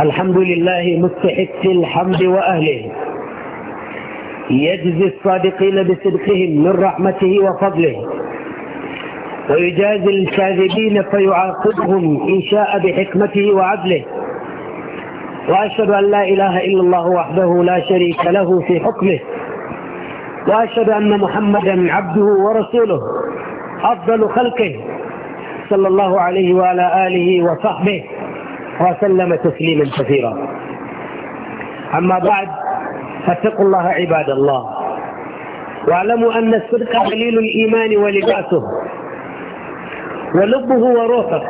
الحمد لله مستحق الحمد وأهله يجزي الصادقين بصدقهم من رحمته وفضله ويجازي الكاذبين فيعاقبهم إن شاء بحكمته وعدله وأشهد أن لا إله إلا الله وحده لا شريك له في حكمه وأشهد أن محمدا عبده ورسوله أفضل خلقه صلى الله عليه وعلى آله وصحبه وسلم تسليما كثيرا أما بعد فاتقوا الله عباد الله واعلموا أن الصدق دليل الإيمان ولباسه ولبه وروحه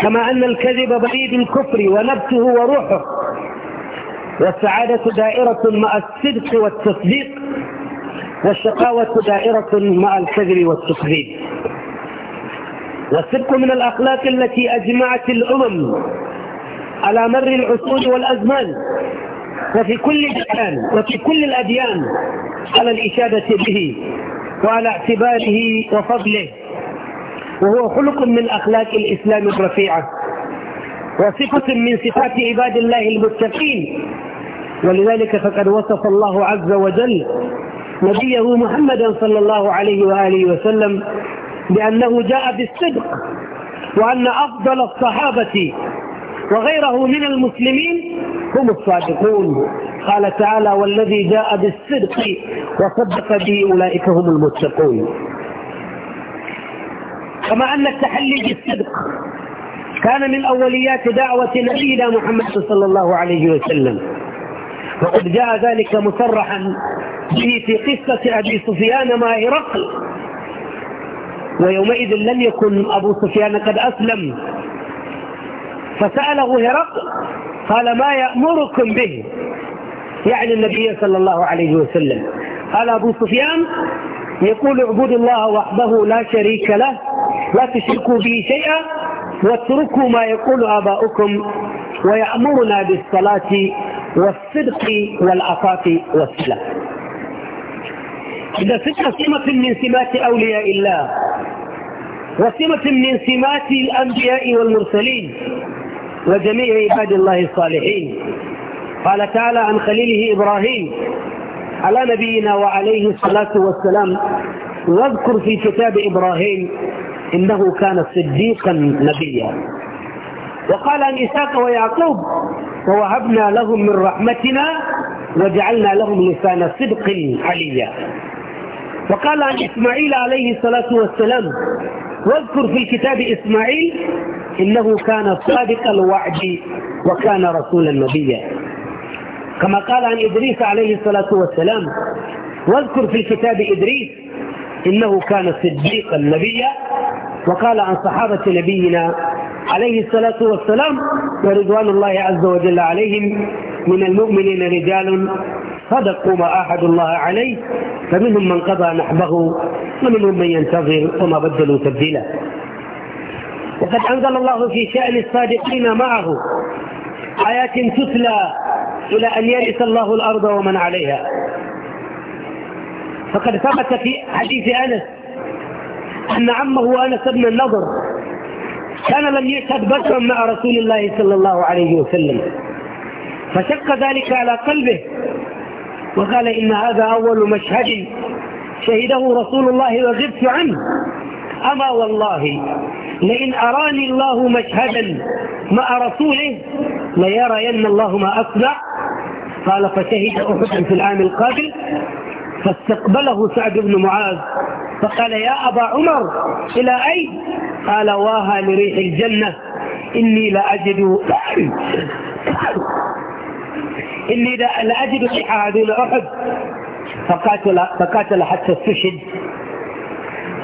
كما أن الكذب بعيد الكفر ونبته وروحه والسعادة دائرة مع الصدق والتصديق والشقاوة دائرة مع الكذب والتكذيب والصدق من الأخلاق التي أجمعت الأمم على مر العصور والأزمان وفي كل مكان وفي كل الأديان على الإشادة به وعلى اعتباره وفضله وهو خلق من أخلاق الإسلام الرفيعة وصفة من صفات عباد الله المتقين ولذلك فقد وصف الله عز وجل نبيه محمدا صلى الله عليه وآله وسلم لأنه جاء بالصدق وأن أفضل الصحابة وغيره من المسلمين هم الصادقون قال تعالى والذي جاء بالصدق وصدق به أولئك هم المتقون كما أن التحلي بالصدق كان من أوليات دعوة نبينا محمد صلى الله عليه وسلم وقد جاء ذلك مصرحا به في قصة أبي سفيان مع هرقل ويومئذ لم يكن أبو سفيان قد أسلم فسأله هرقل قال ما يأمركم به يعني النبي صلى الله عليه وسلم قال أبو سفيان يقول اعبدوا الله وحده لا شريك له لا تشركوا به شيئا واتركوا ما يقول آباؤكم ويأمرنا بالصلاة والصدق والعفاف والسلام إذا ست سمة من سمات أولياء الله وسمة من سمات الأنبياء والمرسلين وجميع عباد الله الصالحين قال تعالى عن خليله إبراهيم على نبينا وعليه الصلاة والسلام واذكر في كتاب إبراهيم إنه كان صديقا نبيا وقال عن إساق ويعقوب ووهبنا لهم من رحمتنا وجعلنا لهم لسان صدق عليا وقال عن إسماعيل عليه الصلاة والسلام واذكر في الكتاب إسماعيل إنه كان صادق الوعد وكان رسولا نبيا كما قال عن إدريس عليه الصلاة والسلام واذكر في الكتاب إدريس إنه كان صديقا نبيا وقال عن صحابة نبينا عليه الصلاة والسلام ورضوان الله عز وجل عليهم من المؤمنين رجال صدقوا ما أحد الله عليه فمنهم من قضى نحبه ومنهم من ينتظر وما بدلوا تبديلا وقد أنزل الله في شأن الصادقين معه آيات تتلى إلى أن يئس الله الأرض ومن عليها فقد ثبت في حديث أنس أن عمه أنس بن النضر كان لم يشهد بشرا مع رسول الله صلى الله عليه وسلم فشق ذلك على قلبه وقال إن هذا أول مشهد شهده رسول الله وغبت عنه أما والله لئن أراني الله مشهدا مع رسوله ليرين الله ما أصنع قال فشهد أحد في العام القابل فاستقبله سعد بن معاذ فقال يا أبا عمر إلى أين قال واها لريح الجنة إني لأجد إني أجد في عدو احد فقاتل, فقاتل حتى استشهد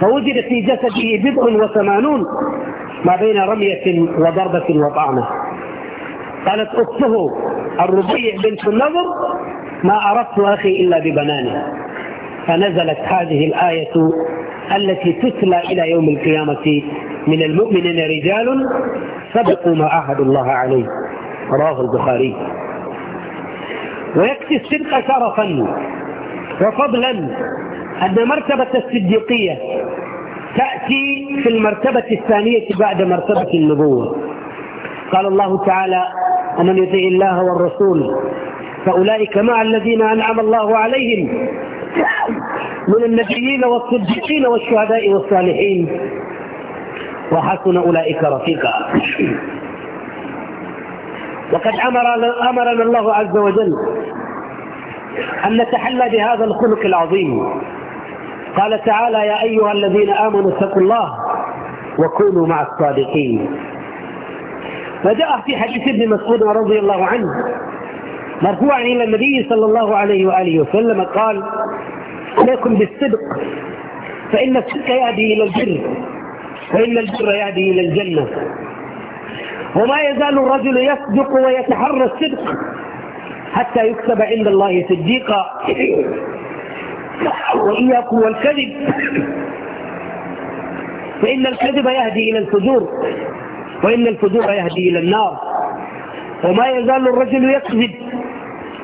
فوجد في جسده بضع وثمانون ما بين رمية وضربة وطعنة قالت أخته الربيع بنت النضر ما أردت أخي إلا ببنانه فنزلت هذه الآية التي تتلى إلى يوم القيامة من المؤمنين رجال سبقوا ما عهد الله عليه رواه البخاري ويكفي الصدق شرفا وفضلا أن مرتبة الصديقية تأتي في المرتبة الثانية بعد مرتبة النبوة قال الله تعالى ومن يطع الله والرسول فأولئك مع الذين أنعم الله عليهم من النبيين والصديقين والشهداء والصالحين وحسن أولئك رفيقا وقد أمرنا, أمرنا الله عز وجل أن نتحلى بهذا الخلق العظيم قال تعالى يا أيها الذين آمنوا اتقوا الله وكونوا مع الصادقين فجاء في حديث ابن مسعود رضي الله عنه مرفوعا إلى النبي صلى الله عليه وآله وسلم قال عليكم بالصدق فإن الصدق يهدي إلى البر وإن البر يهدي إلى الجنة وما يزال الرجل يصدق ويتحرى الصدق حتى يكتب عند الله صديقا وإياكم والكذب فإن الكذب يهدي إلى الفجور وإن الفجور يهدي إلى النار وما يزال الرجل يكذب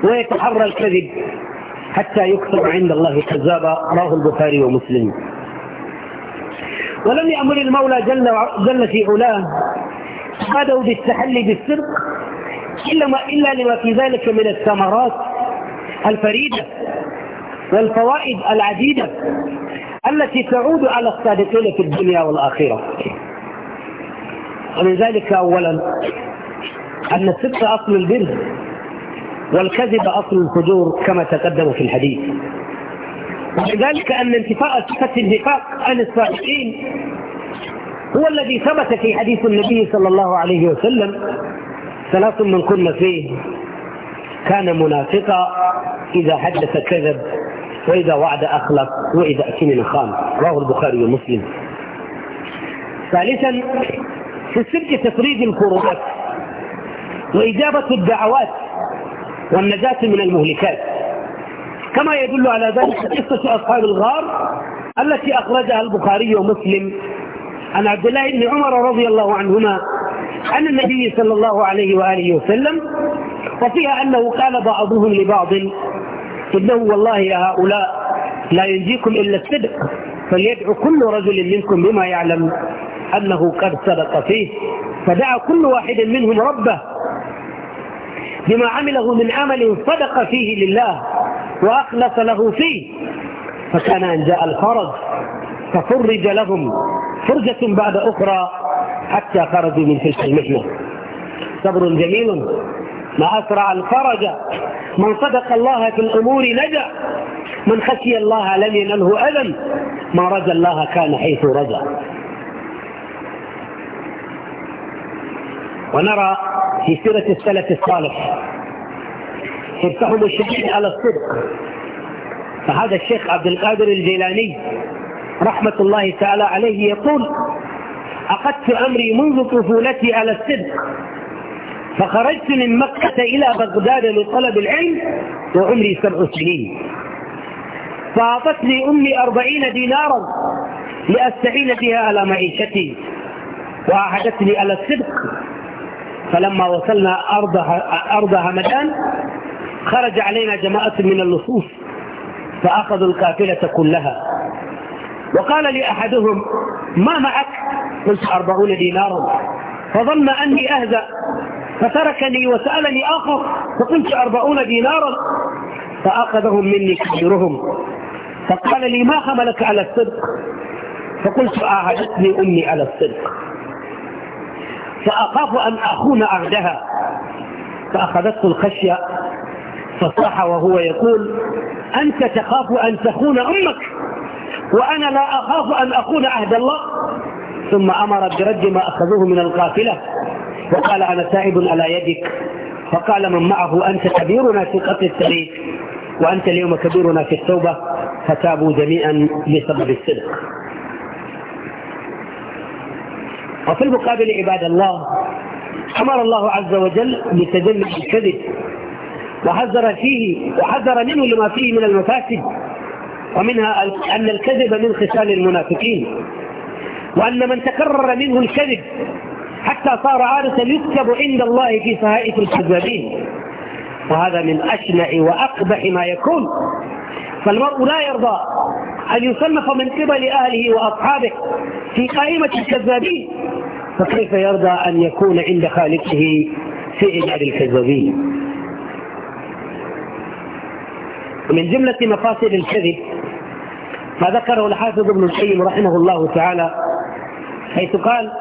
ويتحرى الكذب حتى يكتب عند الله كذابا رواه البخاري ومسلم ولم يأمر المولى جل, جل في علاه بدأوا بالتحلي بالسرق إلا, ما إلا لما في ذلك من الثمرات الفريدة والفوائد العديدة التي تعود على الصادقين في الدنيا والآخرة ومن ذلك أولا أن الصدق أصل البر والكذب أصل الفجور كما تقدم في الحديث ومن ذلك أن انتفاء صفة النفاق عن الصادقين هو الذي ثبت في حديث النبي صلى الله عليه وسلم ثلاث من كن فيه كان منافقا إذا حدث كذب وإذا وعد أخلق وإذا أتمن خان رواه البخاري ومسلم ثالثا في السر تفريد الكروبات وإجابة الدعوات والنجاة من المهلكات كما يدل على ذلك قصة أصحاب الغار التي أخرجها البخاري ومسلم عن عبد الله بن عمر رضي الله عنهما عن النبي صلى الله عليه وآله وسلم وفيها أنه قال بعضهم لبعض إنه والله يا هؤلاء لا ينجيكم إلا الصدق فليدعو كل رجل منكم بما يعلم أنه قد صدق فيه فدعا كل واحد منهم ربه بما عمله من عمل صدق فيه لله وأخلص له فيه فكان أن جاء الفرج ففرج لهم فرجة بعد أخرى حتى خرجوا من تلك المحنة صبر جميل ما أسرع الفرج من صدق الله في الأمور نجا من خشي الله لم ينله ألم ما رجا الله كان حيث رجا ونرى في سيرة السلف الصالح حرصهم الشديد على الصدق فهذا الشيخ عبد القادر الجيلاني رحمة الله تعالى عليه يقول أخذت أمري منذ طفولتي على الصدق فخرجت من مكة إلى بغداد لطلب العلم وعمري سبع سنين فأعطتني أمي أربعين دينارا لأستعين بها على معيشتي وأعهدتني على الصدق فلما وصلنا أرض أرض همدان خرج علينا جماعة من اللصوص فأخذوا القافلة كلها وقال لي أحدهم ما معك قلت أربعون دينارا فظن أني أهزأ فتركني وسألني آخر فقلت أربعون دينارا فأخذهم مني كبيرهم فقال لي ما حملك على الصدق فقلت أعهدتني أمي على الصدق فأخاف أن أخون عهدها فأخذته الخشية فصاح وهو يقول أنت تخاف أن تخون أمك وأنا لا أخاف أن أخون عهد الله ثم أمر برد ما أخذوه من القافلة وقال أنا سائب على يدك فقال من معه أنت كبيرنا في قتل السريك وأنت اليوم كبيرنا في التوبة فتابوا جميعا بسبب الصدق وفي المقابل عباد الله أمر الله عز وجل بتجنب الكذب وحذر فيه وحذر منه لما فيه من المفاسد ومنها أن الكذب من خصال المنافقين وأن من تكرر منه الكذب حتى صار عادة يكتب عند الله في سهائف الكذابين وهذا من أشنع وأقبح ما يكون فالمرء لا يرضى أن يصنف من قبل أهله وأصحابه في قائمة الكذابين فكيف يرضى أن يكون عند خالقه في إجعال الكذابين ومن جملة مفاصل الكذب ما ذكره الحافظ ابن القيم رحمه الله تعالى حيث قال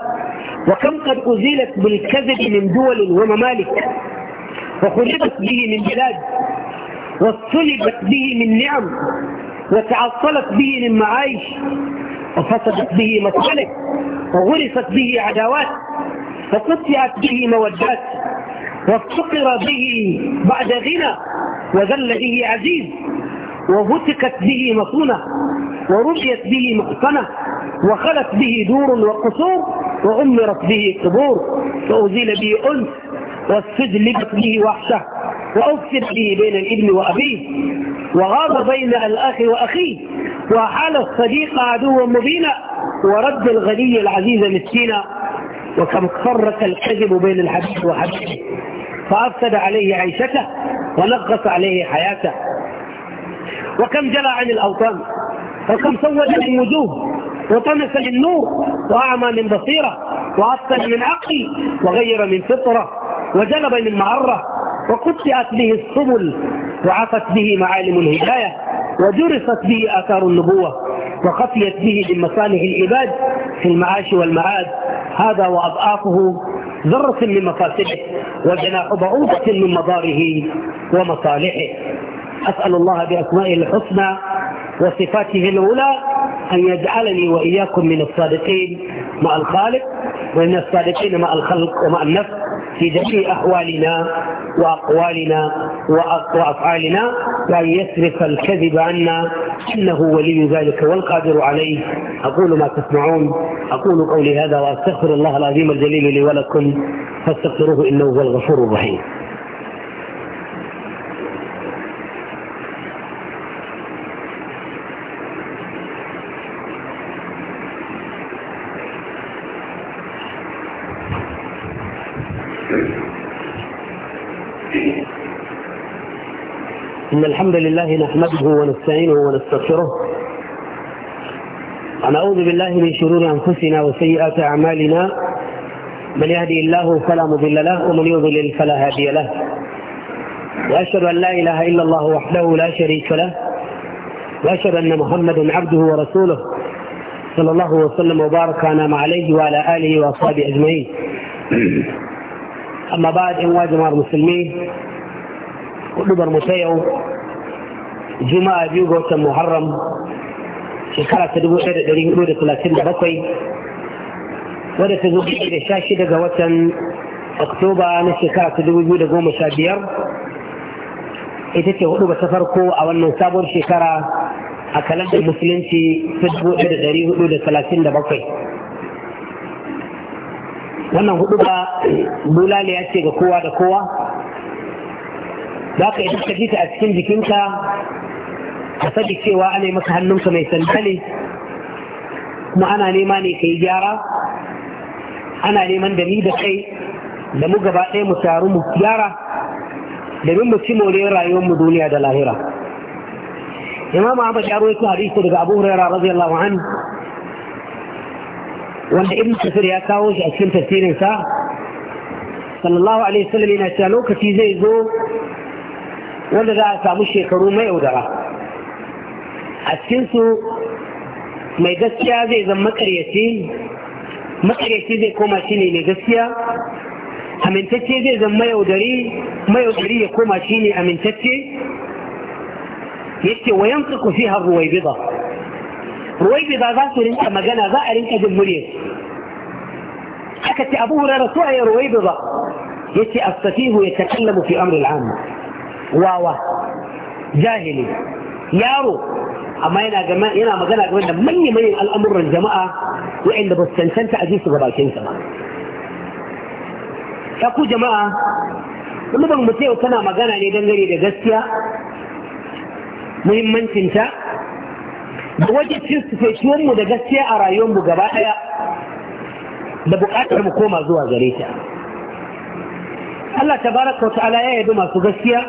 وكم قد أزيلت بالكذب من دول وممالك وخلقت به من بلاد واصطلبت به من نعم وتعطلت به من معايش وفسدت به مسالك وغرست به عداوات وقطعت به مودات وافتقر به بعد غنى وذل به عزيز وهتكت به مصونة ورجيت به مقتنة وخلت به دور وقصور وعمرت به قبور وأزيل به أنس واستجلبت به وحشة وأفسد به بين الابن وأبيه وغاب بين الأخ وأخيه وأحال الصديق عدوا مبينا ورد الغني العزيز مسكينا وكم خرك الكذب بين الحبيب وحبيبه فأفسد عليه عيشته ونقص عليه حياته وكم جلى عن الأوطان وكم سود من وجوه وطمس من نور وأعمى من بصيرة وعطل من عقل وغير من فطرة وجلب من معرة وقطعت به السبل وعفت به معالم الهداية وجرست به آثار النبوة وخفيت به من مصالح العباد في المعاش والمعاد هذا وأضعافه ذرة من مفاسده وجناح بعوضة من مضاره ومصالحه أسأل الله بأسمائه الحسنى وصفاته الأولى أن يجعلني وإياكم من الصادقين مع الخالق ومن الصادقين مع الخلق ومع النفس في جميع أحوالنا وأقوالنا وأفعالنا وأن يصرف الكذب عنا إنه ولي ذلك والقادر عليه أقول ما تسمعون أقول قولي هذا وأستغفر الله العظيم الجليل لي ولكم فاستغفروه إنه هو الغفور الرحيم إن الحمد لله نحمده ونستعينه ونستغفره ونعوذ بالله من شرور أنفسنا وسيئات أعمالنا من يهدي الله فلا مضل له ومن يضلل فلا هادي له وأشهد أن لا إله إلا الله وحده لا شريك له وأشهد أن محمدا عبده ورسوله صلى الله وسلم وبارك أنعم عليه وعلى آله وأصحابه أجمعين أما بعد إن واجب المسلمين hudubar mu juma'a biyu ga watan muharram shekara ta dubu ɗaya da ɗari hudu da talatin da bakwai wadda ta zo da sha shida ga watan oktoba na shekara ta dubu biyu da goma sha biyar ita ce hudu ba ta farko a wannan sabuwar shekara a kalandar musulunci ta dubu ɗaya da ɗari hudu da talatin da bakwai wannan hudu ba bulaliya ce ga kowa da kowa za ka ita ta a cikin jikinka ka cewa ana maka hannunka mai sanda kuma ana nema ne kai gyara ana neman da ni da kai da mu gaba ɗaya mu taru mu gyara domin mu ci moriyar rayuwar mu duniya da lahira imam ahmad ya rawaito hadisi daga abu hurairah radiyallahu anhu wanda ibn kasir ya kawo shi a cikin tafsirin sa sallallahu alaihi wasallam yana cewa lokaci zai zo wanda za a samu shekaru mai yaudara a cikinsu mai gaskiya zai zama makaryaci makaryaci zai koma shi ne mai gaskiya amintacce zai zama mayaudari mayaudari ya koma shi ne amintacce yake wayan su ku fi har ruwaibida ruwaibida za su rinka magana za a rinka jin murya aka ce abu hurara so a yi ruwaibida yake astafihu ya takallamu fi amri al'amma wawa jahili yaro amma yana magana game da manyan manyan al'amuran jama'a waɗanda ba su cancanta a su ga bakin sa ba ya ku jama'a kuma ban mutu yau tana magana ne dangane da gaskiya muhimmancinta da wajen cin mu da gaskiya a rayuwarmu gaba ɗaya da buƙatar mu koma zuwa gare ta Allah Ta wa ta'ala ya yabi masu gaskiya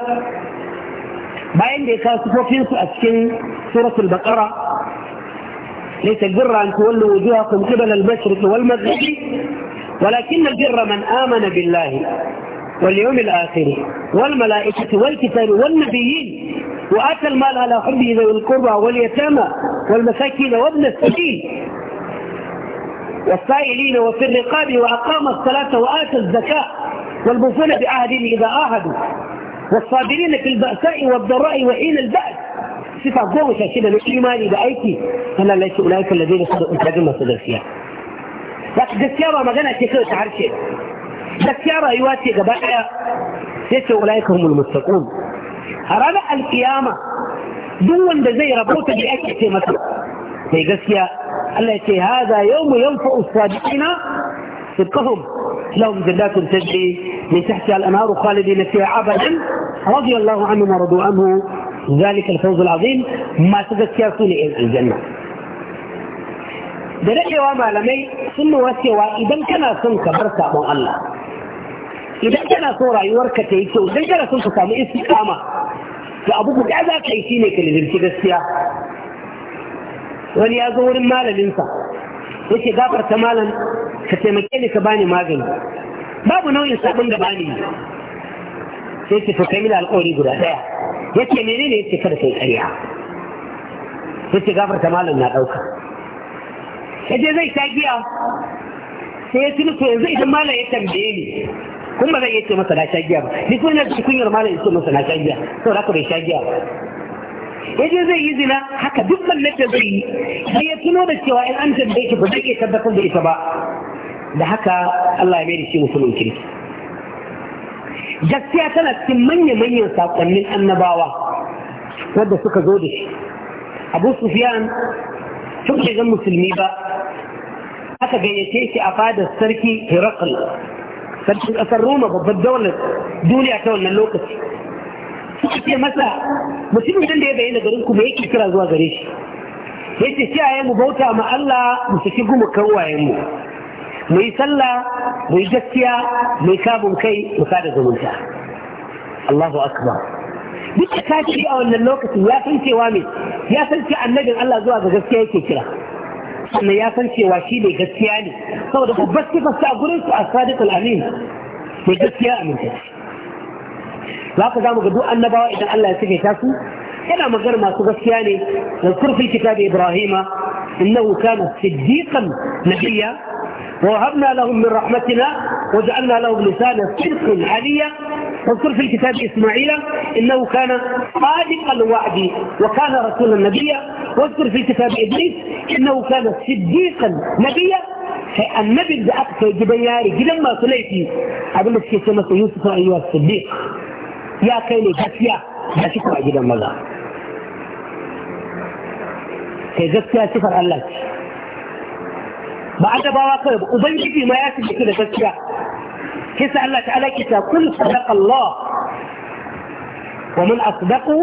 bayan da ya kawo sifofinsu a cikin suratul baqara laysa albirra an tuwallu wujuhakum qibala al-mashriq ولكن البر من آمن بالله واليوم الآخر والملائكة والكتاب والنبيين وآتى المال على حبه ذوي القربى واليتامى والمساكين وابن السبيل والسائلين وفي الرقاب وأقام الصلاة وآتى الزكاة والموفون بعهدهم إذا آهدوا والصابرين في البأساء والضراء وحين البأس صفة قوة شاشدة للإيمان بأيتي أنا ليس أولئك الذين صدقوا تجمع صدقيا لكن دسيارة ما قالت كيف تعرشي دسيارة يواتي قبائع ليس أولئك هم المتقون أرانا القيامة دون بزي ربوت بأيكي في مثل في جسيا التي هذا يوم ينفع الصادقين صدقهم لهم جنات تجري من تحت الأنهار خالدين فيها أبدا رضي الله عنهم ورضوا عنه ذلك الفوز العظيم ما تذكرت الجنة دلك يا ما لمي سن وسوى إذا كان سن كبرت أبو الله إذا كان صورة يورك تيكتو إذا كان سن كبرت أبو الله فأبوك كذا كيسينك لذلك السياء ولي أظهر المال الإنسان وشي غابر تمالا كتمكيني كباني ما قلت babu nau'in sabon da bani sai ce to kai mini alƙawari guda ɗaya yace menene yace kada kai ƙarya yace gafarta malam na ɗauka yaje zai ta giya sai ya tuni to yanzu idan malam ya tambaye ni kun ba zai iya ce masa na sha giya ba ni kuma ina cikin kunyar malam ya ce masa na sha giya saboda haka bai sha giya ba yaje zai yi zina haka duk mallaka zai yi sai ya tuno da cewa in an tambaye shi ba zai iya tabbatar da ita ba da haka Allah ya mai da shi musulun kirki gaskiya tana cikin manya-manyan saƙonnin annabawa wadda suka zo da shi abu sufiyan tun bai zan musulmi ba aka gayyace shi a fadar sarki herakl sarkin ƙasar roma babbar daular duniya ta wannan lokaci suka ce masa mutumin da ya bayyana garin ku ba yake kira zuwa gare shi ce shi a mu bauta ma Allah mu saki guma kan wayen mu مي سلا مي جسيا مي كابون كي مكاد زمنتا الله أكبر بيش كاتي أو أن اللوكس يا فنسي وامي يا فنسي أن نجل الله زوا بجسيا كيكرا أن يا فنسي واشي لي جسياني فهو دخل بس كيف استعقلين فأصادق الأمين مي جسيا أمين لا تزامو قدو أن نبوا إذا الله يسيكي كاسو إلا مقر ما تغسياني نذكر في كتاب إبراهيم إنه كان صديقا نبيا ووهبنا لهم من رحمتنا وجعلنا لهم لسانا صدق عليا واذكر في الكتاب اسماعيل انه كان صادق الوعد وكان رسولا نبيا واذكر في الكتاب ابليس انه كان صديقا نبيا فالنبي ابدا اقصي جبياري لما صليتي لك في سنه يوسف ايها الصديق يا كيني كاسيا لا شكرا جدا مالا كي جبت يا شكرا الله ba annabawa kawai ba ubangiji ma ya tabbata da gaskiya kisa Allah ta'ala ke ta kun sadaqa Allah wa man asdaqu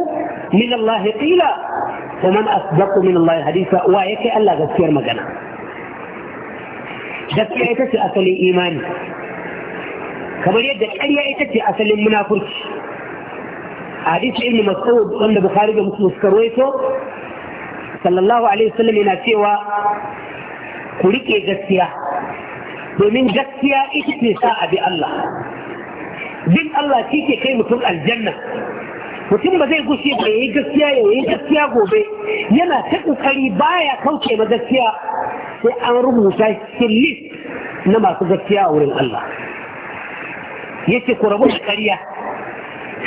min Allah qila wa man asdaqu min Allah hadisa wa yake Allah gaskiyar magana gaskiya ita ce asalin imani kamar yadda ƙarya ita ce asalin munafurci حديث ابن مسعود عند البخاري ومسلم سكرويته صلى الله عليه وسلم هنا سوى ku riƙe gaskiya domin gaskiya ita ce sa a bi Allah bin Allah shi ke kai mutum aljanna mutum ba zai gushe ba yayi gaskiya ya yayi gaskiya gobe yana ta kokari baya kauce ma gaskiya sai an rubuta cikin list na masu gaskiya a wurin Allah yace ku rabu da ƙarya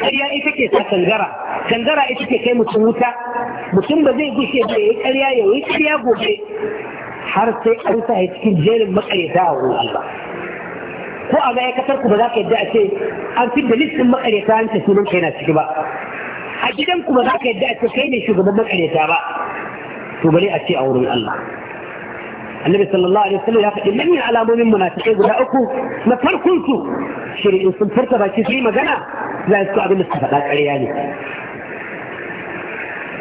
ƙarya ita ke sa kangara kangara ita ke kai mutum wuta mutum ba zai gushe ba yayi ya yayi ƙarya gobe حرت أنت هتكل جيل المقر يتاوه الله هو أما يكترك بذاك يدعسي أنت بلس المقر يتاوه أنت سنون كيناس كبا أجدنك بذاك يدعسي كين يشوف من المقر تبلي أتي أور من الله النبي صلى الله عليه وسلم يقول من يعلم من منافقين ولا أكو ما تركوك شري إنسان فرتبا كثير ما جنا لا يسوع من الصفات عرياني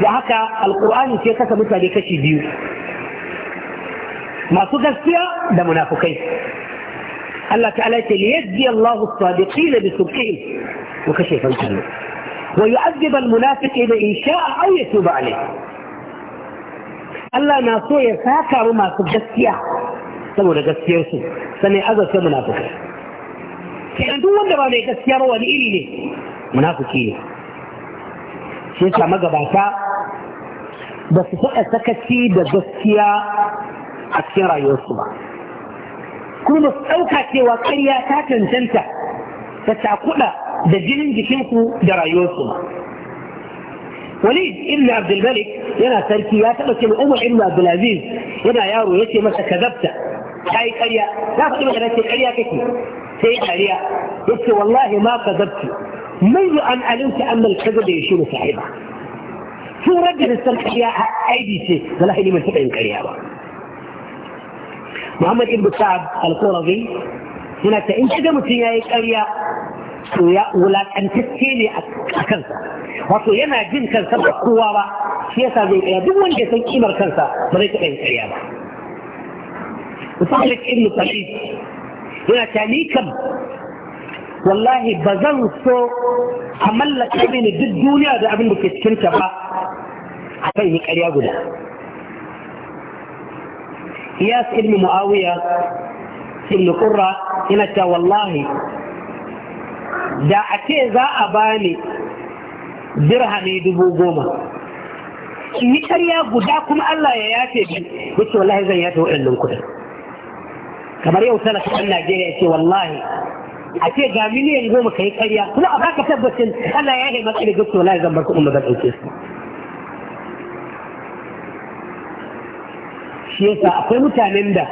وهكذا القرآن يتكلم مثل ذلك الشيء masu gaskiya da munafukai Allah ta'ala ce li yajzi Allahu as-sadiqina bi subqihim wa kashifa al wa yu'adhib al-munafiqina in sha'a aw yatuba alayh Allah na so ya saka mu masu gaskiya saboda gaskiyarsu sannan azarta munafukai kenan duk wanda ba mai gaskiya ba wani iri ne munafuki ne shi yasa magabata ba su faɗa sakaci da gaskiya a cikin rayuwarsu ba kuma ba su ɗauka cewa ƙarya ta cancanta ta takuɗa da jinin jikinku da rayuwarsu ba walid ibn abdulmalik yana sarki ya taɓa ce umar ibn abdulaziz yana yaro ya ce masa kazabta ta yi ƙarya za ka ɗauka ce ƙarya kake sai ƙarya ya ce wallahi ma kazabtu منذ أن علمت أن الكذب يشير صاحبه شو رجل السمحية أيدي شيء ولا هي من تبعين كريابة Muhammad ibn Sa'ad al-Qurazi yana ta in kiga mutum yayi ƙarya to ya wulakantacce ne a kansa wato yana jin kansa ba kowa ba shi yasa zai ƙarya duk wanda ya san kimar kansa ba zai taɓa yin ƙarya ba Mutalik ibn Sa'id yana ta ni kam wallahi ba zan so a mallaka mini duk duniya da abin da ke cikinta ba a kan yi ƙarya guda iyas ibn muawiya ibn qurra yana ta wallahi da a ce za a bani dirhami dubu goma in yi karya guda kuma Allah ya yafe bi yace wallahi zan yafe waɗannan kuɗin kamar yau talaka ɗan Najeriya ce wallahi a ce ga miliyan goma ka yi karya kuma a baka tabbacin Allah ya yafe matsayin da wallahi zan bar kuɗin ba zan ɗauke su shi yasa akwai mutanen da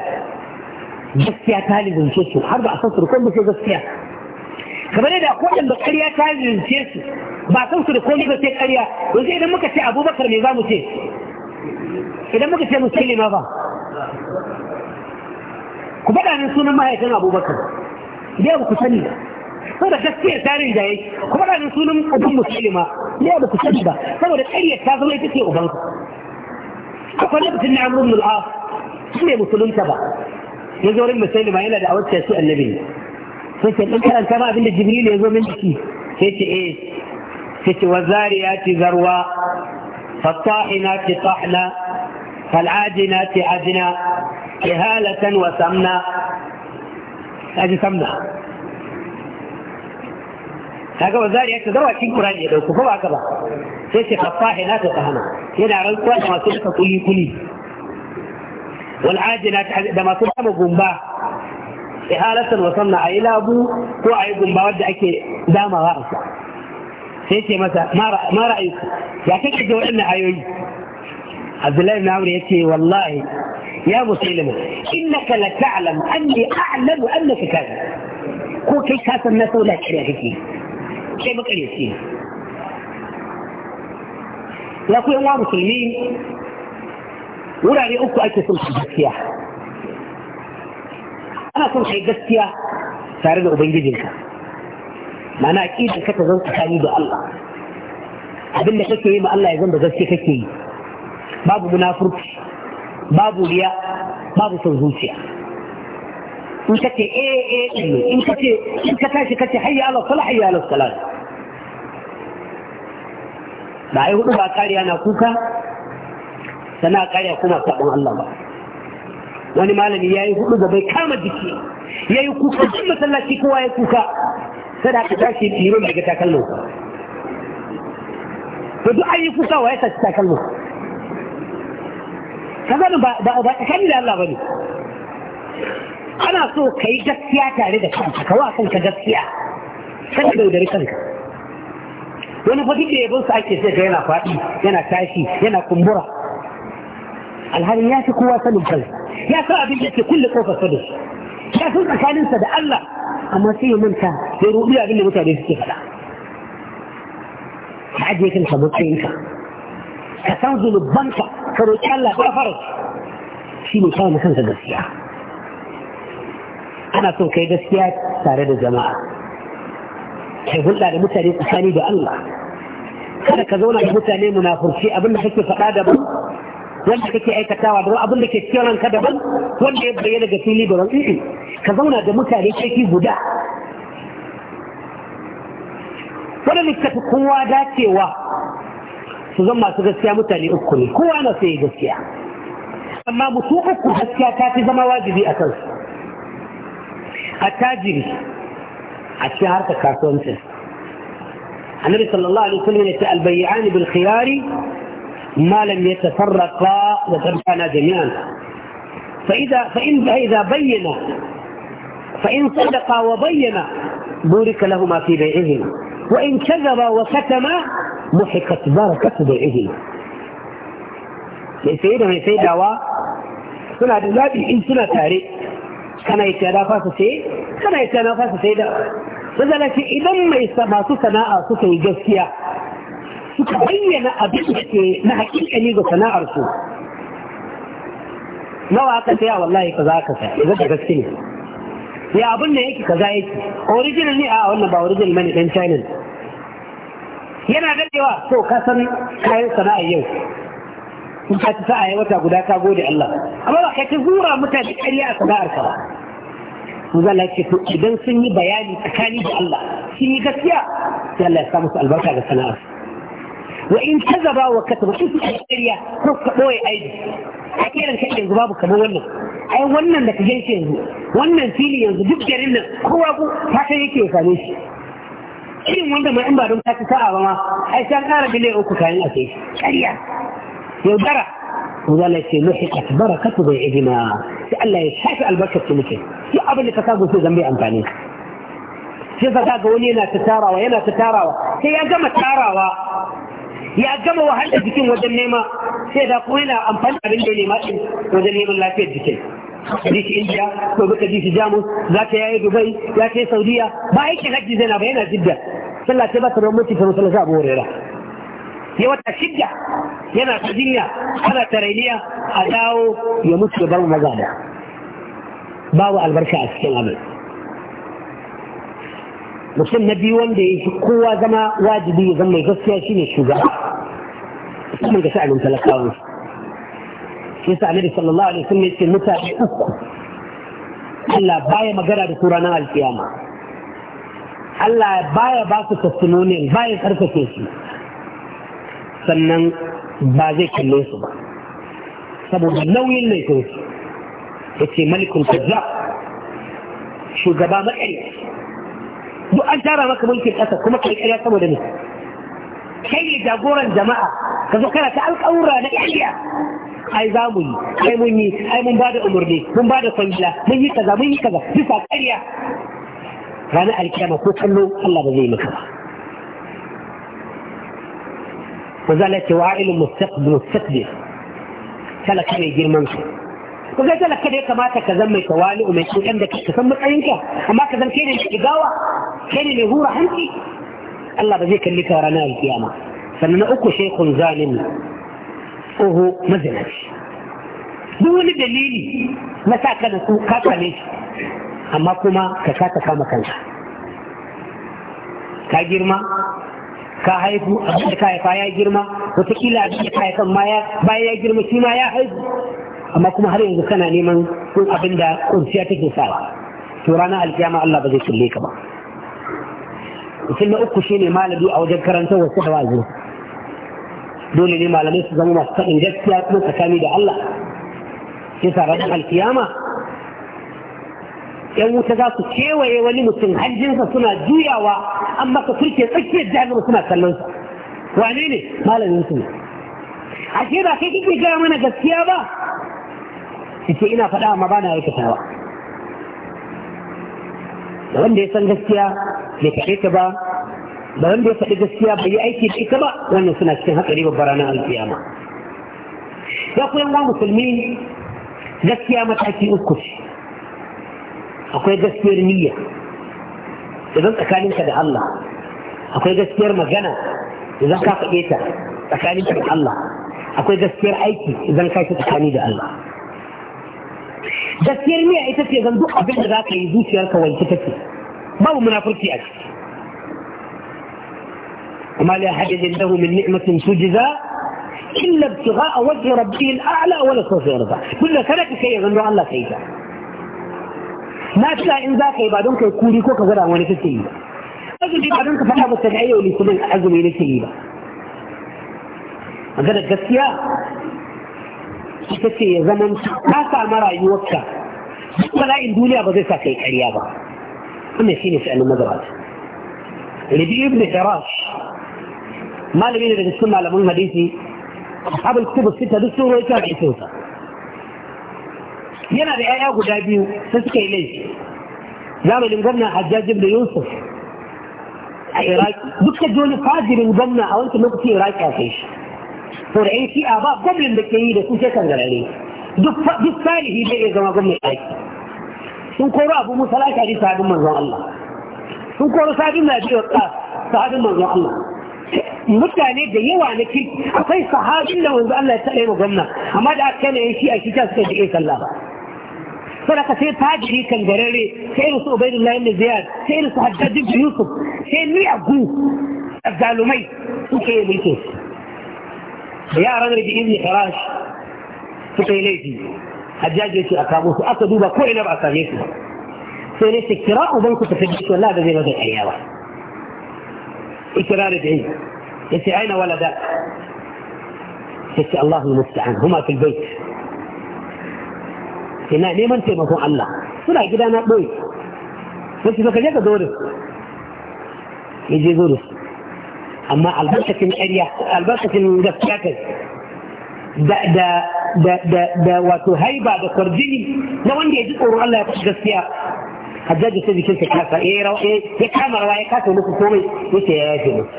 gaskiya ta lizince su har ba a san su da komai gaskiya kamar yadda akwai wanda ƙarya ta lizince su ba san su da komai ba sai ƙarya yanzu idan muka ce abubakar me za mu ce idan muka ce musulima ba ku faɗa nan sunan mahaifin abubakar ya ba ku sani ba saboda gaskiyar tarin da yayi ku faɗa min sunan ubin musulima da ba ku sani ba saboda ƙaryar ta zama ita ce ubanka فقلبت ان عمرو بن العاص شو يا مسلم تبع يزور المسلم ما يلا دعوت كاسو النبي فانت انت انت ما بين الجبريل يزور من ذكي فانت ايه فانت وزاريات ذروة فالطاحنات طحنا فالعادنات عجنا إهالة وسمنا هذه سمنا kaga wazari yake ce zarwa kurani da ku ko ba haka ba sai ce fasahi na ta tahana yana rantsuwa da masu duka kuli kuli wal ajila da masu dama gumba ihalatan wasanna sanna ayi labu ko ayi gumba wanda ake damawa a sai ce masa ma ra'ayi ya kake da wannan ayoyi Abdullahi ibn Amr yace wallahi ya musulma innaka la ta'lam anni a'lamu annaka kadhib ko kai ka san na saula kira kake kai makareci ya ku yan musulmi wurare uku ake son su gaskiya ana son kai gaskiya tare da ubangijinka mana aƙida ka ta zan tsakani da Allah abin da kake yi ma Allah ya zan da gaske kake yi babu munafurci babu riya babu son zuciya in kace eh eh in kace in ka tashi kace hayya ala salah hayya ala salah ba ai hudu ba kariya na kuka sana kariya kuma sabon Allah ba wani malami ya yi hudu da bai kama jiki ya yi kuka duk masallaci kowa ya kuka sai da aka tashi liman daga takalmin to duk an yi kuka wa ya tashi takalmin kaza ba ba ba tsakani da Allah ba ne, ana so ka yi gaskiya tare da kanka kawa kanka gaskiya kan da kanka wani fa duk da yabon su ake sai ga yana faɗi yana tashi yana kumbura alhalin ya fi kowa sanin kai ya san abin da ke kulle kofar sa da shi ya san tsakanin sa da Allah amma sai ya manta ya rubi abin da mutane suke faɗa ka ajiye kanka matsayinka ka ka san zunubanka ka roƙi Allah ka fara shi ne kawo kanka gaskiya ana so kai gaskiya tare da jama'a kai hulɗa da mutane tsakani da Allah kada ka zauna da mutane munafurci abin da kake faɗa daban wanda kake aikatawa daban abin da ke cikin ranka daban wanda ya bayyana ga fili daban i'i ka zauna da mutane kake guda wanda ka tafi kowa dacewa su zama masu gaskiya mutane uku ne kowa na sai gaskiya amma mutu uku gaskiya ta fi zama wajibi a kansu attajiri عشيارة كارتون سنة النبي صلى الله عليه وسلم يسأل يتألبيعان بالخيار ما لم يتفرقا وتبحانا جميعا فإذا فإن إذا بين فإن صدقا وبين بورك لهما في بيعهما وإن كذبا وكتما محقت بركة بيعهما سيدنا سيدنا و سنة تاريخ kana yi na fasa sai kana yi na fasa sai da zana ce idan mai masu sana'a suka yi gaskiya suka bayyana abin da ke na hakikani ga sana'ar su nawa aka saya wallahi kaza ka saya idan da gaske ne ya abin da yake kaza yake original ne a wannan ba original bane dan China yana dadewa to ka san kayan sana'a yau kun ka ta sa'a wata guda ta gode Allah amma ba kai ta zura mutane ƙarya a sana'ar ka ba manzo Allah ce to idan sun yi bayani tsakani da Allah sun yi gaskiya sai Allah ya sa musu albarka da sana'ar wa in kazaba wa kataba in suka ƙarya ko ka boye aibi a kiran kai yanzu babu kamar wannan ai wannan da ka gaishe yanzu wannan fili yanzu duk garin nan kowa ko fatan yake ya same shi irin wanda mai in ba don ta ci sa'a ba ma ai san ƙara bile uku kayan a kai ƙarya yaudara wanda ce luhiqat barakatu bai ijina sai Allah ya shafi albarkar su muke duk abin da ka samu sai zan bai amfani sai ka ga wani yana ta tarawa yana ta tarawa sai ya gama tarawa ya gama wahalar jikin wajen nema sai da kuma yana amfani abin da nema din wajen neman lafiyar jikin ji shi indiya ko baka shi jamus za ta yi dubai ya ce Saudiyya, ba hajji zai na ba yana jidda sallah ba ta ramanci ta musulunci abu ya wata shidda yana ta jinya ana ta rainiya a dawo ya mutu ya bar magana babu albarka a cikin amal mutum na biyu wanda ya fi kowa zama wajibi ya zama mai gaskiya shine shugaba musamman ga sha'anin talakawan shi sa annabi sallallahu alaihi wasallam yace mutane uku Allah baya magana da su ranar alkiyama Allah baya ba su testimonial baya karfafe su sannan ba zai kalle su ba saboda nauyin laifinsu ya ce malikul kaza shugaba matsari duk an tara maka mulkin ƙasa kuma kai ƙarya saboda ne kai ne jagoran jama'a ka zo kana ta alƙawura na ƙarya ai za mu yi ai mun yi ai mun bada umarni mun bada kwangila mun yi kaza mun yi kaza bisa ƙarya ranar alkiyama ko kallo Allah ba zai maka ba وزال وائل مستقبل كلا كلا يجي المنشو وزال لك كده كماتا كزمي توائل ومن شو كم دك كسمت عينك أما كذا كين الإجاوة كين الهورة حنكي الله بذيك اللي كورنا القيامة فمن أكو شيخ ظالم وهو مزنش دون دليل مساء كان كاتا ليش أما كما كاتا كما كانش كاجر ما ka haihu abin da ka haifa ya girma wataƙila abin da ka haifa ya bayan ya girma shi ma ya haihu amma kuma har yanzu kana neman kun abin da kurciya take sawa to ranar alkiyama Allah ba zai kulle ka ba mutum na uku shine malami a wajen karanta wasu da dole ne malamai su zama masu faɗin gaskiya kuma tsakani da Allah sai sa ranar alkiyama yan wuta za su kewaye wani mutum hajjinsa suna juyawa an maka turke tsakiyar jami'ar suna kallon su wane ne malamin su ne ashe ba kai kike gaya mana gaskiya ba ce ina faɗa amma ba na aikatawa da wanda ya san gaskiya bai kaɗe ta ba da wanda ya faɗi gaskiya bai yi aiki da ita ba wannan suna cikin hatsari babbar ranar alkiyama ya kuyan wa musulmi gaskiya mataki uku ce akwai gaskiyar niyya idan tsakaninka da Allah akwai gaskiyar magana idan ka faɗe ta tsakaninka da Allah akwai gaskiyar aiki idan ka shi tsakani da Allah gaskiyar niyya ita ce zan duk abin da za ka yi zuciyarka wanke take babu munafurci a ciki kuma la لأحد indahu min ni'matin تجزى illa ابتغاء وجه ربه الأعلى ولا سوف يرضى كل كلك شيء غنوا الله كيدا na tuna in za ka yi ba don kai kuri ko ka gwada wani kake yi azumi ba don ka faɗa ba sai ayyau litinin azumi nake yi ba maganar gaskiya ita ce ya zama ka samu rayuwarka duk bala'in duniya ba zai sa kai ƙarya ba wannan shine fi'alin mazhabata rabi ibn jarash malami ne daga cikin malaman hadisi abul kutub sita duk sun rawaita da ita yana da 'ya'ya guda biyu sai suka yi laifi zamanin gwamna hajjajin da yusuf a iraki duka joni fajirin gwamna a wancan lokaci iraki a kai shi to da yan shi'a ba gwamnan da ke yi da su kan kangarare duk salihi zai iya zama gwamnan iraki sun koro abu musa lashari sahabin manzon allah sun koro sahabin na biyu sahabin manzon allah mutane da yawa na kirki akwai sahabin da wanzu allah ya taɓa yi ma gwamna amma da aka yi na yan shi'a shi ta suka ji sallah ba فلقد سير تاجري كان جريري سير بين الله بن زياد سير حداد بن يوسف سير مي ابوه الظالمي مي يبيتوس يا يا رجل بإذن حراش فقيليتي حجاج يسي أكابوس أتدوبا كوئنا بأساليسي سير يسي اكتراء وبنكو تفجيس ولا بذي مدى الحياوة اكتراء ربعي يسي أين ولدا يسي الله المستعان هما في البيت ina neman taimakon Allah suna gida na boye sai ci ka je ka dole da je zo amma albarkacin ƙarya albarkacin gaskiya kai da da da da da wato haiba da kwarjini na wanda ya ji tsoron Allah ya fashi gaskiya hajjaji sai jikin ka kasa eh eh rawa ya kama rawa ya kasa muku komai yake ya yafe musu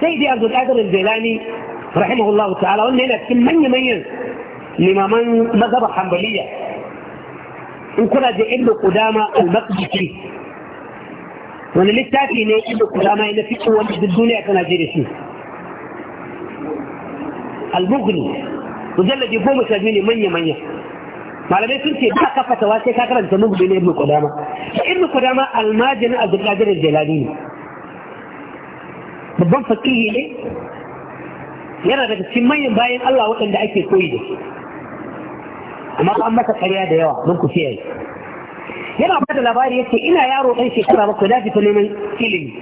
sai dai abdul qadir al-jilani rahimahullahu ta'ala wannan yana cikin manya manyan limaman mazhabar hambaliya in kuna da ibnu qudama al-maqdisi wani littafi ne ibnu qudama ya nafi wanda duk duniya tana je da shi al-mughni mujalladi goma sha biyu ne manya manya malamai sun ce ba ka fatawa sai ka karanta mughni ne ibnu qudama ibnu qudama al-majin al-qadir al-jalali ne babban fakihi ne yana daga cikin manyan bayan Allah waɗanda ake koyi da shi amma an maka kariya da yawa don ku kiyaye yana ba da labari yace ina yaro ɗan shekara bakwai da fita neman ilimi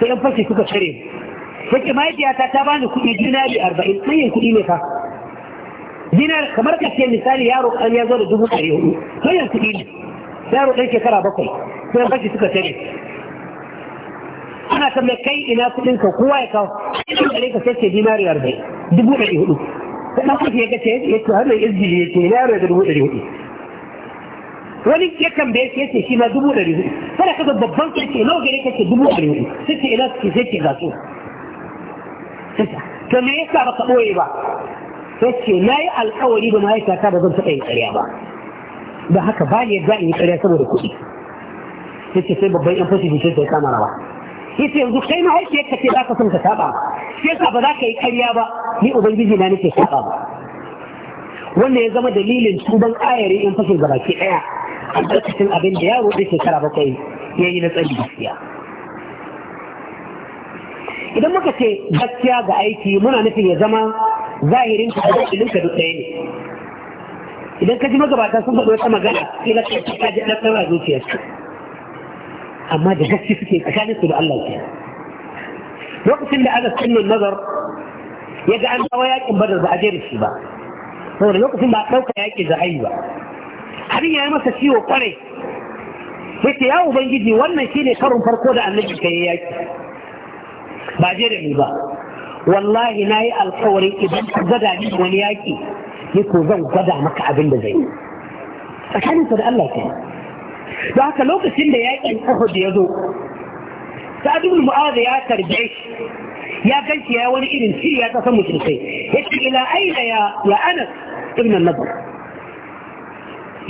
sai yan fashe suka kare yace mahaifiyata ta bani kuɗi dinari arba'in tsayin kuɗi ne fa dinar kamar ka ce misali yaro an ya zo da dubu ɗari hudu tsayin kuɗi ne yaro ɗan shekara bakwai sai yan fashe suka kare ana ta mai kai ina kuɗin ka kowa ya kawo ina ɗari ka sai ce dinari arba'in dubu ɗari hudu sannan kuma ya gace ya ce har mai izgili ya ce na yaro ya dubu ɗari hudu wani ya tambaye shi ya ce shi ma dubu ɗari hudu kada ka babban ka ce nawa gare ka ce dubu ɗari hudu sai ce ina suke sai ce ga su to me yasa baka ɓoye ba sai ce na yi alkawari da mahaifiyata da zan taɓa yin ƙarya ba da haka ba ni yadda in yi ƙarya saboda kuɗi sai ce sai babban yan fashi sai ta kama rawa yace yanzu kai ma aiki ka ce za ka saba sai ka ba za ka yi karya ba ni ubangiji na nake saba ba wannan ya zama dalilin tuban ayari in fashin gabaki daya a lokacin abin da yaro da shekara bakwai ya yi na tsari gaskiya idan muka ce gaskiya ga aiki muna nufin ya zama zahirin ka da ka duk ɗaya ne idan ka ji magabata sun faɗi wata magana sai ka ji na tsara أما جهك كيف أشان يصير الله كي وقت اللي أنا سن النظر يجا أن تواياك مبرر بأجير الشباب نظر يوقف ما أتوقع يأيك زعيبا حبيني أنا مسا شيء وقري فيك يا أبا يجدني وانا يشيني كرم فرقودة أن نجي كي يأيك بأجير الشباب يعني والله ناي القوري إبن تزدى جيد ونياكي يكو زوج قدع مكعب اللي زيني أشان يطلب الله كي don haka lokacin da yakin Uhud ya zo Sa'ad ibn Mu'adh ya tarbe shi ya ganci ya wani irin shiri ya kasan musulkai yace ila aina ya ya Anas ibn Nadr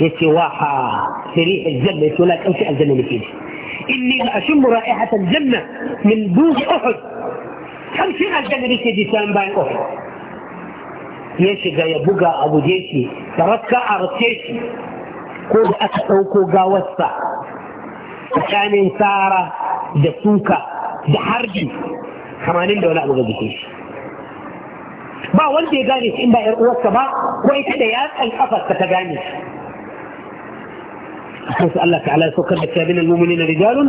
yace wa ha sirih aljanna yace la kanci aljanna ne kiji inni la ashmu ra'ihat aljanna min duh Uhud kanci aljanna ne kiji tan bayan Uhud ya shiga ya buga abu je shi tarakka a race shi ko da aka ɗauko gawarsa tsakanin tsara da suka da harbi kamanin da wani abu ga jikin shi ba wanda ya gane in ba ‘yar uwarsa ba ko ita da yatsan kafarsa ta gane shi. Allah ta'ala ya saukar da cewa na mu'minina rijalun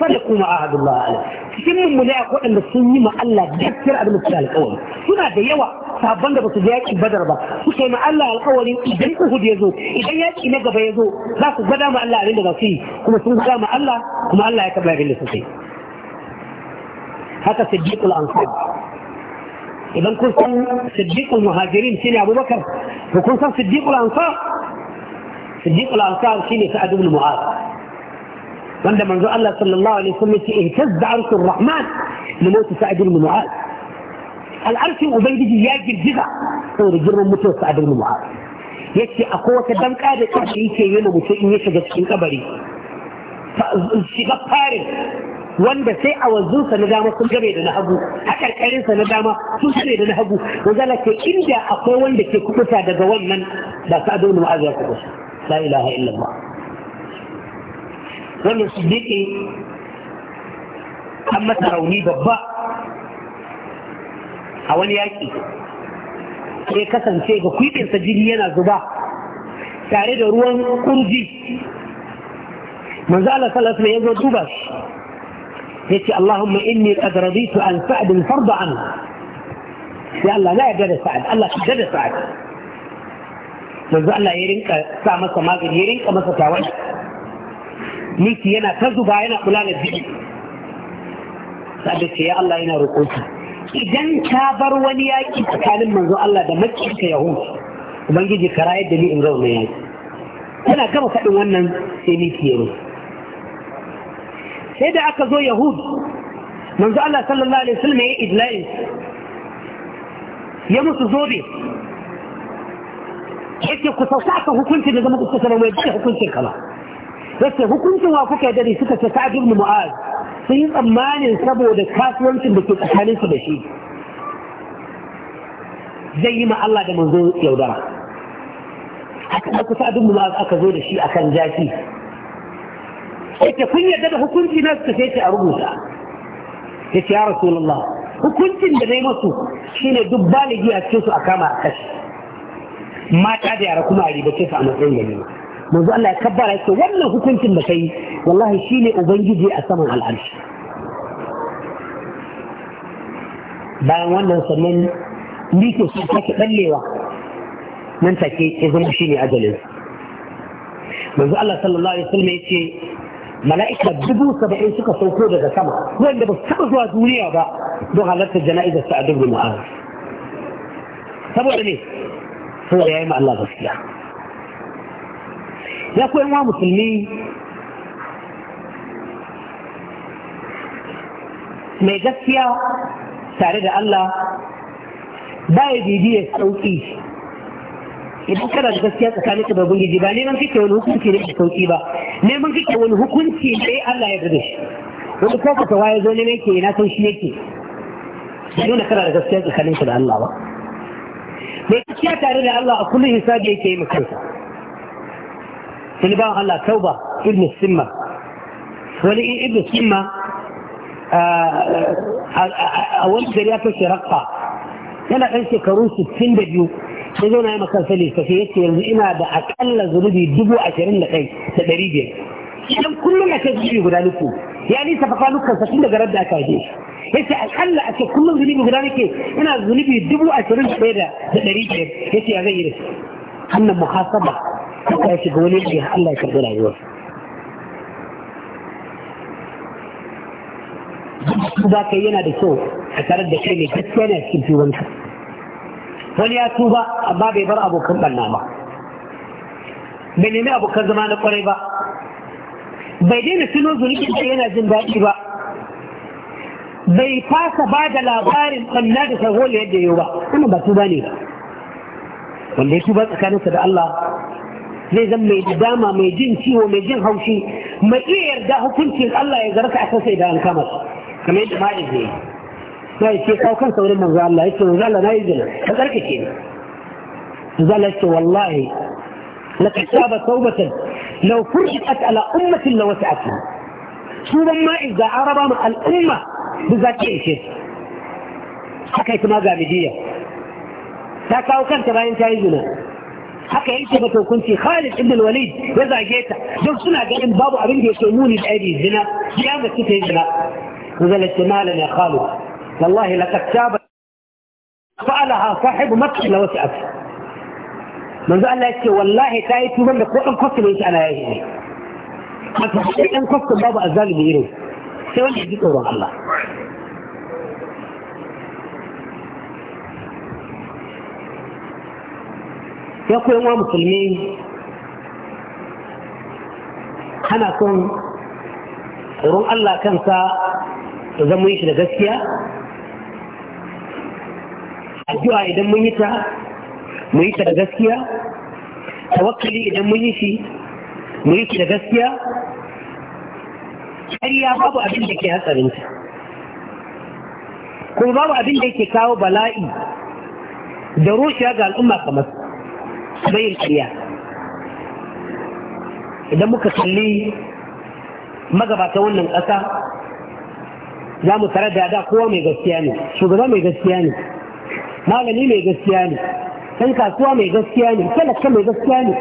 فرقوا مع عبد الله أعلم كم من ملاك وأن السنة مع الله جكر أبن مكتال القوم هنا دي يوى دبا سجاك بدر با وشي مع الله القوم إذن أهد يزو إذن يجب أن يزو لأس بدا مع الله أعلم دبا سي كما سنجا مع الله كما الله يكبر يغل سسي هذا صديق الأنصار إذن كنت صديق المهاجرين سنة أبو بكر وكنت صديق الأنصار صديق الأنصار سنة سعد بن معاذ وعند من ذو الله صلى الله عليه وسلم اهتز عرش الرحمن لموت سعد بن معاذ العرش أبيد جياج هو طور جر موت سعد بن معاذ يكفي أقوى كدم كاد يكفي يكفي يوم موت إن يشجع في قبري فالشيخ قارن وعند سيء أوزو سنجامة كل جبيد نهبو حتى الكارن سنجامة كل جبيد نهبو وذلك إن جاء أقوى وعند كي كتو سعد بن معاذ لا سعد بن معاذ لا إله إلا الله wannan su dike an masa rauni babba a wani yaƙi sai kasance ga kwiɓinsa jini yana zuba tare da ruwan kurji manzo Allah sallallahu alaihi wasallam ya zo duba shi yace Allahumma inni qad raditu an sa'd al-fard an sai Allah la yadda da sa'ad Allah ka da sa'ad manzo Allah ya rinka sa masa magani ya rinka masa tawali miki yana ta zuba yana kula da jiki sabi ce ya Allah yana rukunta idan ka bar wani yaki tsakanin manzo Allah da makkinka yahudu ubangiji ka rayar da ni in zauna yaƙi kana gama fadin wannan sai miki yaro sai da aka zo yahud manzo Allah sallallahu alaihi wasallam ya idlai ya musu zobe yake ku sauka hukunci da zama ku sanar mai hukuncin ka ba zace hukuncin wa kuka dare suka ce Sa'ad ibn Mu'az sun yi tsammanin saboda kasuwancin da ke tsakanin su da shi zai yi ma Allah da manzo yaudara haka aka Sa'ad ibn Mu'az aka zo da shi akan jaki sai ta kun yadda da hukunci na suka sai ta rubuta ya ce ya Rasulullah hukuncin da nai masu shine duk baligi a cikin su a kama a kashi mata da yara kuma a ribace su a matsayin ganima manzo Allah ya kabbara yake wannan hukuncin da kai wallahi shine ubangiji a saman al'arshi bayan wannan sannan ni ke so take ballewa nan take ya zama shine ajalin manzo Allah sallallahu alaihi wasallam yace mala'ika dubu saba'in suka sauko daga sama wanda ba su taɓa zuwa duniya ba don halarta jana'izar sa a dubu mu'az saboda ne saboda ya ma Allah gaskiya ya koyan wa musulmi mai gaskiya tare da Allah ba ya bibiyar sauƙi idan kana da gaskiya tsakanin ka da ubangiji ba neman kake wani hukunci ne da sauƙi ba neman kake wani hukunci ne Allah ya dade shi wani ko ka waye zo neman ke ina san shi yake da kana da gaskiya tsakanin ka da Allah ba mai gaskiya tare da Allah a kullum hisabi yake yi maka اللي بقى قال لها توبة ابن السمة ولقي ابن السمة اول جريا كوشي رقصة يلا عيسي كروسي السن بديو تزونا يا مكان فلي ففيتي انا بأكل زلدي دبو عشرين لقي تدريبيا يلا كل ما كذبيه قد لكم يعني انت فقال لك فسين لك رد اكاديش هسه الحل اكي كل زلدي قدانك انا زلدي دبو عشرين لقي تدريبيا هسه يا غيري هنم مخاصبة haka ya shiga wani ne Allah ya karɓi rayuwar tuba kai yana da kyau a tare da kai ne gaskiya ne a cikin tubanka wani ya tuba amma bai bar abokan ɓanna ba bai nemi abokan zama na kwarai ba bai daina tuno zunubin da yana jin daɗi ba bai fasa ba da labarin ɓanna da sahole yadda yau ba wannan ba tuba ne ba wanda ya tuba tsakaninsa da Allah zai zan mai dama mai jin ciwo mai jin haushi mai iya yarda hukuncin Allah ya zarta a kansa idan an kama su kamar yadda ma'iz ne na ya ce kawo kansa wurin manzo Allah ya ce manzo Allah na yi zina ka tsarkake ne manzo Allah ya ce wallahi لقد تاب توبة لو فرقت على أمة لوسعتها سورة ما إذا عرب مع الأمة بذاتي شيء حكيت ما قام جيه ta kawo kanta bayan ta yi zina حكى انت بطو كنت خالد ابن الوليد يضع جيتا دول قال جائم بابا عبين يسلموني بأيدي الزنا جيامة كيف الزنا وقال استمالا يا خالد والله لا تكتاب فعلها صاحب مكس لو سأت من قال لها إيشي والله تايت من قوة القصة من سألها إيشي ما تحسين بابا قصة بابو أزالي بيرو سيوان يجيكو الله ya koyan wa musulmi ana son tsoron Allah kansa da zama shi da gaskiya addu'a idan mun yi ta mu yi ta da gaskiya tawakkali idan mun yi shi mu yi shi da gaskiya ƙarya babu abin da ke hatsarin ta, kuma babu abin da ke kawo bala'i da rushiya ga al'umma kamar bai ƙarya idan muka kalli magabata wannan ƙasa za mu tare da da kowa mai gaskiya ne shugaba mai gaskiya ne malami mai gaskiya ne ɗan kasuwa mai gaskiya ne kan mai gaskiya ne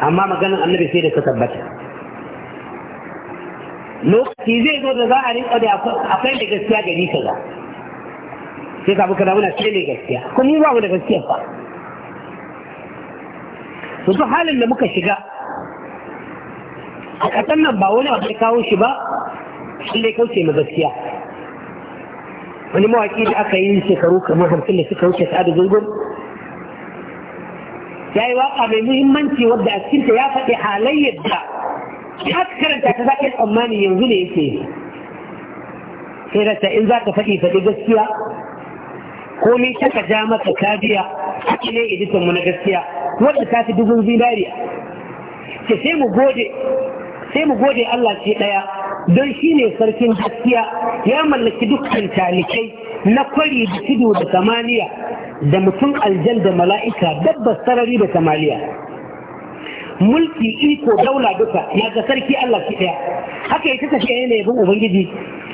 amma maganin annabi sai da ta tabbata lokaci zai zo da za a rinka da akwai mai gaskiya gari kaza sai ka buka da muna sai mai gaskiya kuma yi ba mu da gaskiya fa su su halin da muka shiga a ƙasar nan ba wani abu ya kawo shi ba shi dai kauce ma gaskiya wani mawaƙi da aka yi shekaru kamar hamsin da suka wuce sa'adu zungun ya yi waƙa mai muhimmanci wadda a cikinta ya faɗi halayyar da ya karanta ta zaƙin tsammani yanzu ne yake sai da ta in za ka faɗi faɗi gaskiya komai ta ka ja maka kabiya haƙi ne editan mu na gaskiya wanda ta fi dubun zinariya ce sai mu gode sai mu gode Allah ce ɗaya don shi ne sarkin gaskiya ya mallaki dukkan talikai na kwari da tudu da samaniya da mutum aljan da mala'ika dabbar sarari da samaliya mulki iko daula duka ya ga sarki Allah shi ɗaya haka ya ta shi ne yabon ubangiji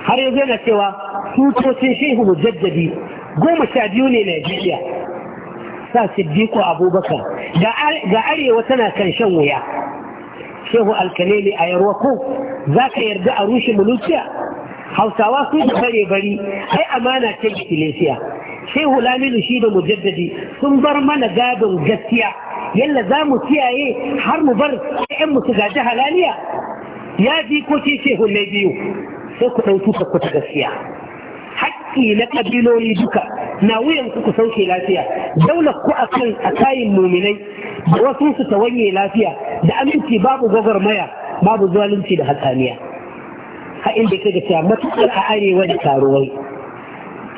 har yanzu yana cewa tutocin shehu mujaddadi goma sha biyu ne Najeriya sa siddiqu abubakar ga arewa tana kan shan wuya shehu alkaleli a yarwako za ka yarda a rushe mulukiya hausawa su da bare bari ai amana ce kilefiya. shehu laminu shi da mujaddadi sun bar mana gadon gaskiya yalla za mu kiyaye har mu bar ƴaƴan mu su gaji halaliya ya ji ko ce shehu na biyu sai ku ɗauki ku ta gaskiya haƙƙi na ƙabiloli duka na wuyan ku ku sauke lafiya daular ku kan a kayin muminai da wasu su tawanye lafiya da aminci babu gwagwarmaya babu zalunci da hatsaniya ha inda da cewa matukar a arewa da karuwai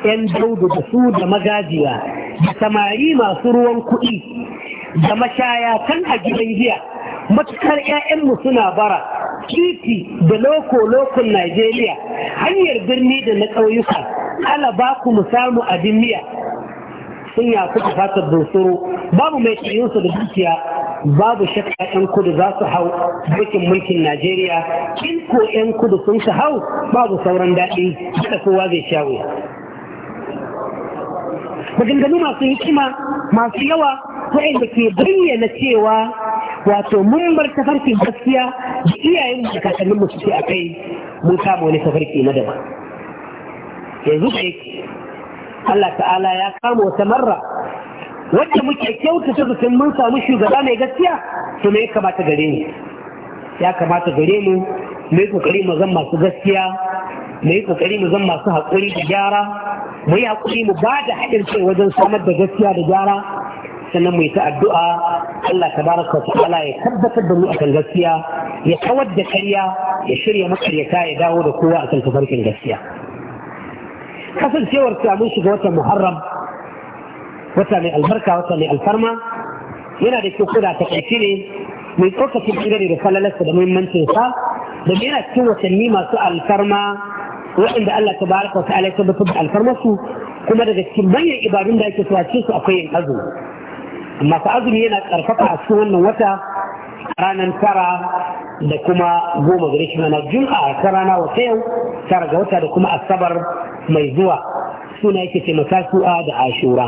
yan daudu da su da magajiya da samari masu ruwan kuɗi da mashaya kan a gidan giya matukar 'ya'yanmu suna bara titi da loko-lokon Najeriya hanyar birni da na ƙauyuka ala ba ku mu samu abin miya sun ya kuka fata bunsuru babu mai tsayinsu da dukiya babu shakka yan kudu za su hau mulkin mulkin najeriya in ko yan kudu sun su hau babu sauran daɗi da kowa zai sha wuya maganganu masu hikima masu yawa waɗanda ke bayyana cewa wato mun bar gaskiya da iyayen da kakannin mu suke a kai mun kama wani tafarki na daban yanzu da yake Allah ta'ala ya kama wata marra wadda muke kyautata zaton mun samu shugaba mai gaskiya to me ya kamata gare ni ya kamata gare mu Me yi kokari mu zan masu gaskiya Me yi kokari mu zan masu haƙuri da gyara mu yi haƙuri mu ba da haɗin kai wajen samar da gaskiya da gyara sannan mu yi ta addu'a Allah tabaraka wa ta'ala ya tabbatar da mu akan gaskiya ya kawar da karya ya shirya makaryata ya dawo da kowa akan tafarkin gaskiya kasancewar ta mun shiga watan muharram wata mai albarka wata mai alfarma yana da kyau koda ta ƙarshe ne mai tsokacin bangare da falalarsa da muhimmancinsa, sa da yana cikin watanni masu alfarma waɗanda Allah ta baraka wa ta'ala ya tabbatar da alfarmarsu kuma daga cikin manyan ibadun da ake so su akwai yin azumi amma fa azumi yana ƙarfafa a cikin wannan wata ranar tara da kuma goma gare shi mana jum'a ta rana wata yau tara ga wata da kuma asabar mai zuwa suna yake ce makasu'a da ashura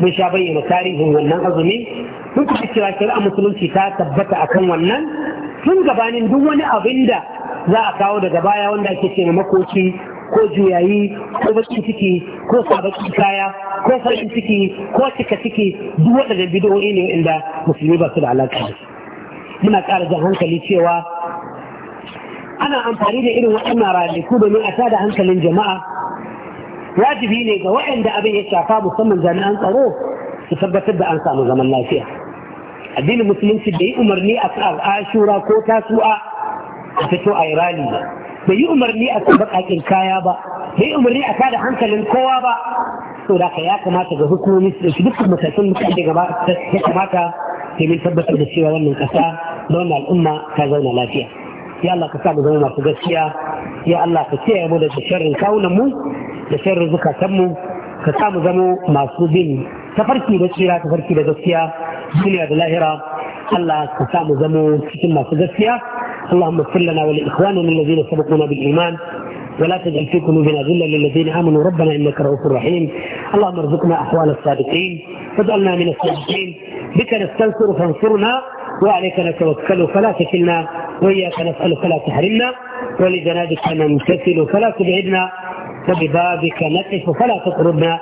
mun sha bayyana tarihin wannan azumi mun kuma cewa shari'a musulunci ta tabbata akan wannan tun gabanin duk wani abin da za a kawo daga baya wanda ake ce makoci ko juyayi ko bakin ciki ko sabakin kaya ko farin ciki ko cika ciki duk waɗannan bidiyo'i ne inda musulmi ba su da alaƙa da su muna ƙara jan hankali cewa ana amfani da irin waɗannan ranaku domin a tada hankalin jama'a wajibi ne ga waɗanda abin ya shafa musamman jami'an tsaro su tabbatar da an samu zaman lafiya addinin musulunci da yi umarni a ashura ko tasu'a a fito a irani ba da yi umarni a kan baƙaƙin kaya ba da yi umarni a tada hankalin kowa ba so da ka ya kamata ga hukumomi su dukkan matakin mutane gaba ya kamata ta yi tabbatar da cewa wannan ƙasa don al'umma ta zauna lafiya ya Allah ka samu zama masu gaskiya ya Allah ka kiyaye mu da sharrin kawunan mu da sharrin zukatan mu ka samu zama masu bin tafarki da tsira tafarki da gaskiya duniya da lahira Allah ka samu zama cikin masu gaskiya اللهم اغفر لنا ولاخواننا الذين سبقونا بالايمان ولا تجعل في قلوبنا غلا للذين امنوا ربنا انك رؤوف رحيم اللهم ارزقنا احوال الصادقين واجعلنا من الصادقين بك نستنصر فانصرنا وعليك نتوكل فلا تكلنا وإياك نسأل فلا تحرمنا ولجنابك نمتثل فلا تبعدنا وببابك نقف فلا تطردنا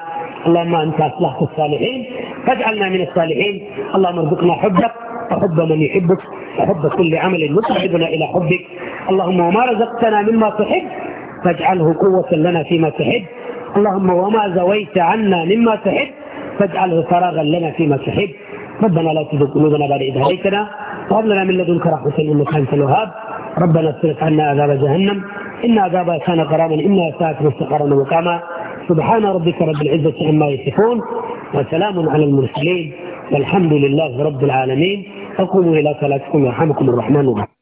اللهم أنت أصلحت الصالحين فاجعلنا من الصالحين اللهم ارزقنا حبك وحب من يحبك وحب كل عمل يصعدنا إلى حبك اللهم وما رزقتنا مما تحب فاجعله قوة لنا فيما تحب اللهم وما زويت عنا مما تحب فاجعله فراغا لنا فيما تحب ربنا لا تزغ قلوبنا بعد إذ هديتنا وهب لنا من لدنك رحمة إنك أنت الوهاب ربنا اصرف عنا عذاب جهنم إن عذابها كان غراما إنها ساءت مستقرا ومقاما سبحان ربك رب العزة عما يصفون وسلام على المرسلين والحمد لله رب العالمين أقوموا إلى صلاتكم يرحمكم الرحمن الرحيم